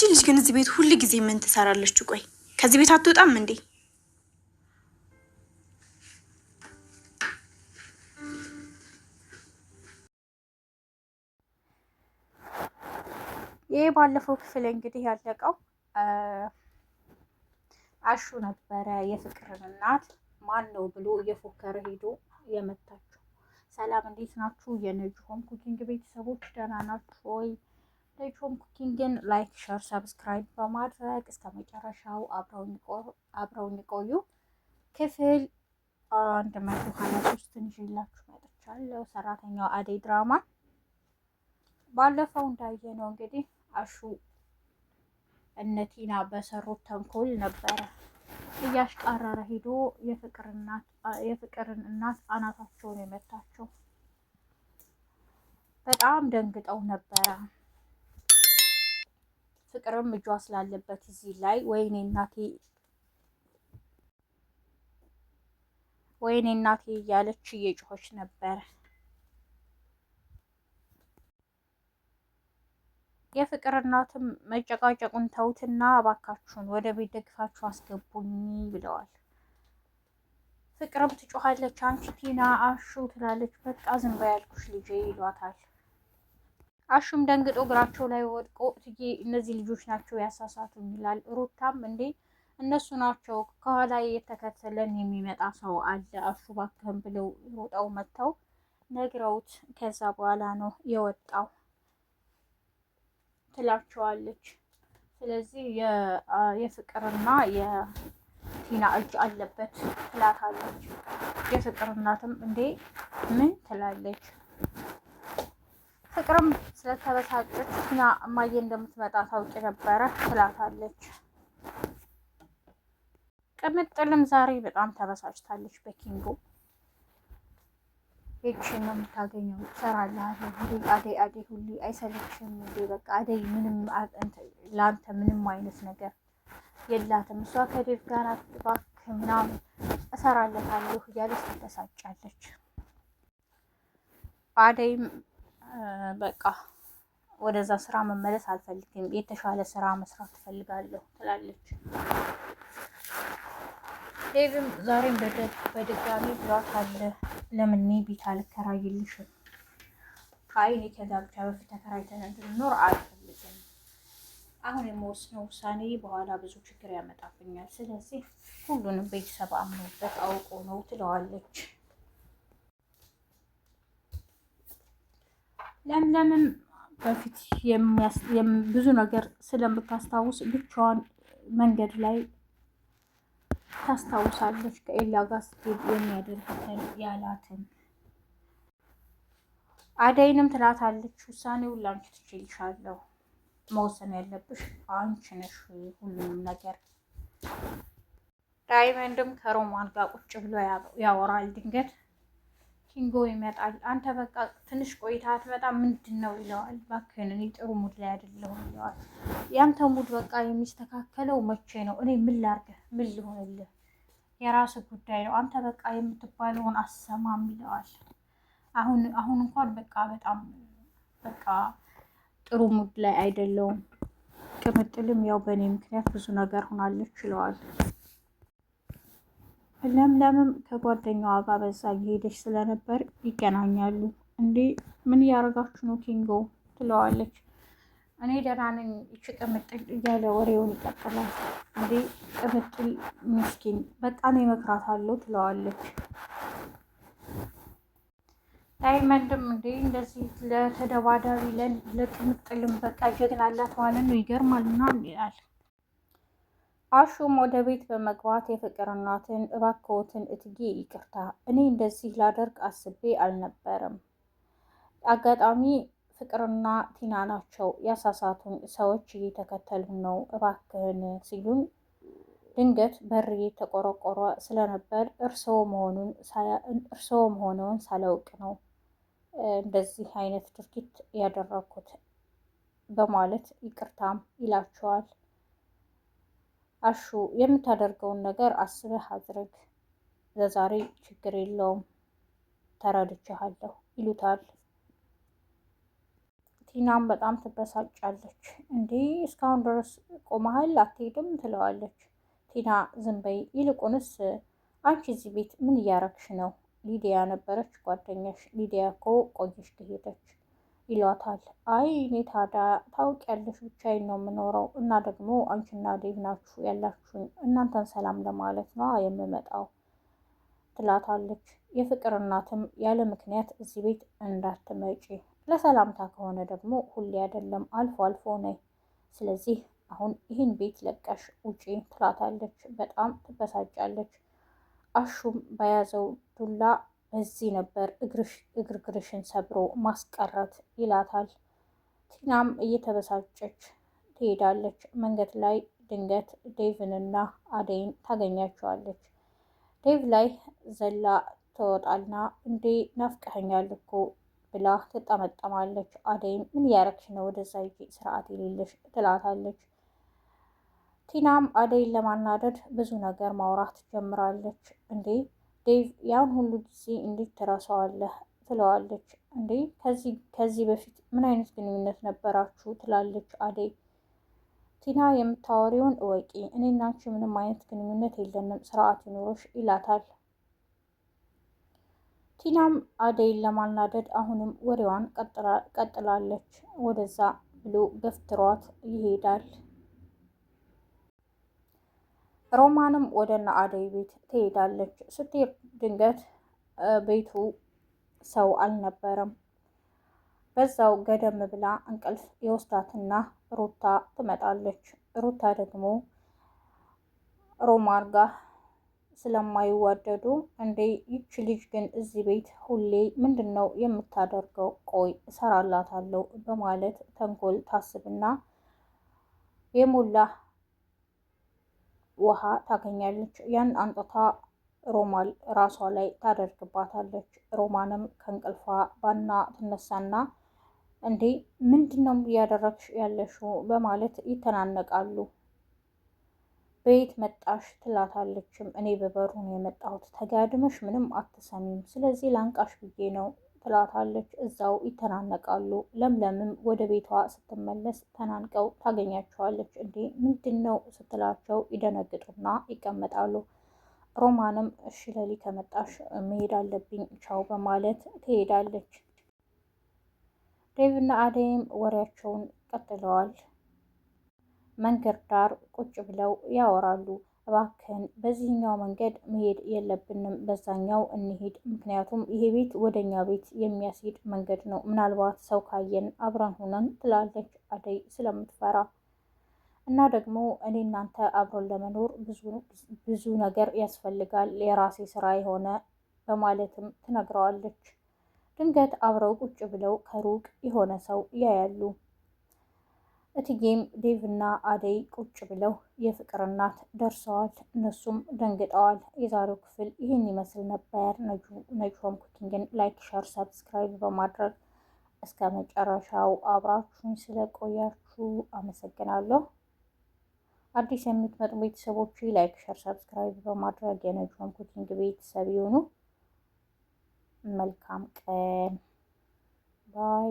እቺ ልጅ ግን እዚህ ቤት ሁል ጊዜ ምን ትሰራለች? ቆይ ከዚህ ቤት አትወጣም እንዴ? ይሄ ባለፈው ክፍል እንግዲህ ያለቀው አሹ ነበረ የፍቅርን እናት ማን ነው ብሎ እየፎከረ ሄዶ የመታችው። ሰላም እንዴት ናችሁ? የነጅሆም ኩኪንግ ቤተሰቦች ደህና ናችሁ ወይ? ለጆም ኩኪንግን ላይክ፣ ሸር፣ ሰብስክራይብ በማድረግ እስከ መጨረሻው አብረውን ይቆዩ። ክፍል አንድ መቶ ሀያ ሶስትን ይዤላችሁ መጥቻለሁ። ሰራተኛው አደይ ድራማ ባለፈው እንዳየ ነው እንግዲህ አሹ እነቲና በሰሩት ተንኮል ነበረ እያሽቃረረ ሄዶ የፍቅርን እናት አናታቸውን የመታቸው በጣም ደንግጠው ነበረ። ፍቅርም እጇ ስላለበት እዚህ ላይ ወይኔ እናቴ ወይኔ እናቴ እያለች እየጮኸች ነበር። የፍቅር እናትም መጨቃጨቁን ተውትና እባካችሁን ወደ ቤት ደግፋችሁ አስገቡኝ ብለዋል። ፍቅርም ትጮኻለች፣ አንቺ ቲና አሹ ትላለች። በቃ ዝም በይ ያልኩሽ ልጄ ይሏታል። አሹም ደንግጦ እግራቸው ላይ ወድቆ እትዬ እነዚህ ልጆች ናቸው ያሳሳቱኝ ይላል። ሩታም እንዴ እነሱ ናቸው ከኋላ የተከተለን የሚመጣ ሰው አለ አሹ ባከን ብለው ሮጠው መጥተው ነግረውት ከዛ በኋላ ነው የወጣው ትላቸዋለች። ስለዚህ የፍቅርና የቲና እጅ አለበት ትላታለች። የፍቅር እናትም እንዴ ምን ትላለች? ፍቅርም ስለተበሳጨች ና እማዬ እንደምትመጣ ታውቂ ነበረ ትላታለች። ቅምጥልም ዛሬ በጣም ተበሳጭታለች በኪንጎ ኤክሽን ነው የምታገኘው። እሰራልሃለሁ ሁሌ አደይ አደይ ሁሌ አይሰለችም እንዴ? በቃ አደይ ምንም ለአንተ ምንም አይነት ነገር የላትም እሷ ከዴቭ ጋር ባክ ምናምን እሰራለታለሁ እያለች ትበሳጫለች። አደይም በቃ ወደዛ ስራ መመለስ አልፈልግም፣ የተሻለ ስራ መስራት ትፈልጋለሁ ትላለች። ዴቭም ዛሬም በድጋሚ ብሏት አለ ለምን እኔ ቤት አልከራይልሽም? አይ እኔ ከዛ ብቻ በፊት ተከራይተን እንድንኖር አልፈልግም። አሁን የምወስነው ውሳኔ በኋላ ብዙ ችግር ያመጣብኛል። ስለዚህ ሁሉንም ቤተሰብ አምኖበት አውቆ ነው ትለዋለች። ለምለምም በፊት ብዙ ነገር ስለምታስታውስ ብቻዋን መንገድ ላይ ታስታውሳለች። ከኤላ ጋር ስትሄድ የሚያደርግትን ያላትን አደይንም ትላታለች። ውሳኔው ላንቺ ትችይሻለሁ፣ መወሰን ያለብሽ አንቺ ነሽ ሁሉንም ነገር። ዳይመንድም ከሮማን ጋር ቁጭ ብሎ ያወራል ድንገት ኪንጎ ይመጣል። አንተ በቃ ትንሽ ቆይታ በጣም ምንድን ነው ይለዋል። እባክህን እኔ ጥሩ ሙድ ላይ አይደለሁም ይለዋል። ያንተ ሙድ በቃ የሚስተካከለው መቼ ነው? እኔ ምን ላርገህ? ምን ልሆንልህ? የራስህ ጉዳይ ነው። አንተ በቃ የምትባለውን አሰማም ይለዋል። አሁን አሁን እንኳን በቃ በጣም በቃ ጥሩ ሙድ ላይ አይደለውም። ቅምጥልም ያው በእኔ ምክንያት ብዙ ነገር ሆናለች ይለዋል። ለምለምም ከጓደኛዋ ጋር በዛ እየሄደች ስለነበር ይገናኛሉ። እንዴ ምን እያደረጋችሁ ነው ኪንጎ ትለዋለች። እኔ ደህና ነኝ፣ ይቺ ቅምጥል እያለ ወሬውን ይቀጥላል። እንዴ ቅምጥል ምስኪን በጣም እመክራታለሁ ትለዋለች። ዳይመንድም እንዴ እንደዚህ ለተደባዳቢ ለቅምጥልም በቃ ጀግናላት ማለት ነው ይገርማልና ይላል። አሹም ወደ ቤት በመግባት የፍቅር እናትን እባክዎትን እትዬ ይቅርታ፣ እኔ እንደዚህ ላደርግ አስቤ አልነበረም። አጋጣሚ ፍቅርና ቲና ናቸው ያሳሳቱን ሰዎች እየተከተሉ ነው እባክህን ሲሉን ድንገት በር የተቆረቆረ ስለነበር እርስዎ መሆኑን ሳላውቅ ነው እንደዚህ አይነት ድርጊት ያደረኩት በማለት ይቅርታም ይላቸዋል። አሹ የምታደርገውን ነገር አስበህ አድርግ፣ ለዛሬ ችግር የለውም ተረድቻለሁ ይሉታል። ቲናም በጣም ትበሳጫለች። እንዲህ እስካሁን ድረስ ቆመሃል አትሄድም? ትለዋለች። ቲና ዝም በይ፣ ይልቁንስ አንቺ እዚህ ቤት ምን እያረግሽ ነው? ሊዲያ ነበረች ጓደኛሽ። ሊዲያ እኮ ቆየሽ ትሄደች ይሏታል። አይ እኔ ታዲያ ታውቂያለሽ፣ ብቻዬን ነው የምኖረው እና ደግሞ አንቺና ዴቭ ናችሁ ያላችሁኝ፣ እናንተን ሰላም ለማለት ነው የምመጣው ትላታለች። የፍቅር እናትም ያለ ምክንያት እዚህ ቤት እንዳትመጪ፣ ለሰላምታ ከሆነ ደግሞ ሁሌ አይደለም አልፎ አልፎ ነይ፣ ስለዚህ አሁን ይህን ቤት ለቀሽ ውጪ ትላታለች። በጣም ትበሳጫለች። አሹም በያዘው ዱላ እዚህ ነበር እግርግርሽን ሰብሮ ማስቀረት ይላታል። ቲናም እየተበሳጨች ትሄዳለች። መንገድ ላይ ድንገት ዴቭንና አደይን ታገኛቸዋለች። ዴቭ ላይ ዘላ ትወጣና እንዴ ናፍቀኸኛል እኮ ብላ ትጠመጠማለች። አደይም ምን ያረግሽ ነው ወደዛ ይ ስርዓት የሌለሽ ትላታለች። ቲናም አደይን ለማናደድ ብዙ ነገር ማውራት ጀምራለች። እንዴ ዴቭ ያን ሁሉ ጊዜ እንዴት ትረሳዋለህ? ትለዋለች። እንዴ ከዚህ ከዚህ በፊት ምን አይነት ግንኙነት ነበራችሁ? ትላለች አደይ። ቲና የምታወሪውን እወቂ፣ እኔና አንቺ ምንም አይነት ግንኙነት የለንም፣ ስርዓት ይኖሮሽ ይላታል። ቲናም አደይን ለማናደድ አሁንም ወሬዋን ቀጥላለች። ወደዛ ብሎ ገፍትሯት ይሄዳል። ሮማንም ወደ እነ አደይ ቤት ትሄዳለች። ስትሄድ ድንገት ቤቱ ሰው አልነበረም። በዛው ገደም ብላ እንቅልፍ የወስዳትና ሩታ ትመጣለች። ሩታ ደግሞ ሮማን ጋር ስለማይዋደዱ እንዴ ይች ልጅ ግን እዚህ ቤት ሁሌ ምንድን ነው የምታደርገው? ቆይ እሰራላታለሁ በማለት ተንኮል ታስብና የሞላ ውሃ ታገኛለች። ያን አንጥታ ሮማል ራሷ ላይ ታደርግባታለች። ሮማንም ከእንቅልፏ ባና ትነሳና እንዴ ምንድን ነው እያደረግሽ ያለሽው? በማለት ይተናነቃሉ። በየት መጣሽ? ትላታለችም እኔ በበሩ ነው የመጣሁት። ተጋድመሽ ምንም አትሰሚም። ስለዚህ ላንቃሽ ብዬ ነው ትላታለች። እዛው ይተናነቃሉ። ለምለምም ወደ ቤቷ ስትመለስ ተናንቀው ታገኛቸዋለች። እንዴ ምንድን ነው ስትላቸው ይደነግጡና ይቀመጣሉ። ሮማንም እሺ ለሊ ከመጣሽ መሄድ አለብኝ ቻው በማለት ትሄዳለች። ዴቭና አደይም ወሬያቸውን ቀጥለዋል። መንገድ ዳር ቁጭ ብለው ያወራሉ። እባክን በዚህኛው መንገድ መሄድ የለብንም፣ በዛኛው እንሄድ ምክንያቱም ይሄ ቤት ወደኛ ቤት የሚያስሄድ መንገድ ነው። ምናልባት ሰው ካየን አብረን ሆነን ትላለች አደይ ስለምትፈራ እና ደግሞ እኔ እናንተ አብሮን ለመኖር ብዙ ነገር ያስፈልጋል፣ የራሴ ስራ የሆነ በማለትም ትነግረዋለች። ድንገት አብረው ቁጭ ብለው ከሩቅ የሆነ ሰው ያያሉ። እትዬም ዴቭና አደይ ቁጭ ብለው የፍቅር እናት ደርሰዋል። እነሱም ደንግጠዋል። የዛሬው ክፍል ይህን ይመስል ነበር። ሆም ኩኪንግን ላይክ፣ ሸር፣ ሰብስክራይብ በማድረግ እስከ መጨረሻው አብራችሁን ስለቆያችሁ አመሰግናለሁ። አዲስ የምትመጡ ቤተሰቦች ላይክ፣ ሸር፣ ሰብስክራይብ በማድረግ ሆም ኩኪንግ ቤተሰብ ይሁኑ። መልካም ቀን ባይ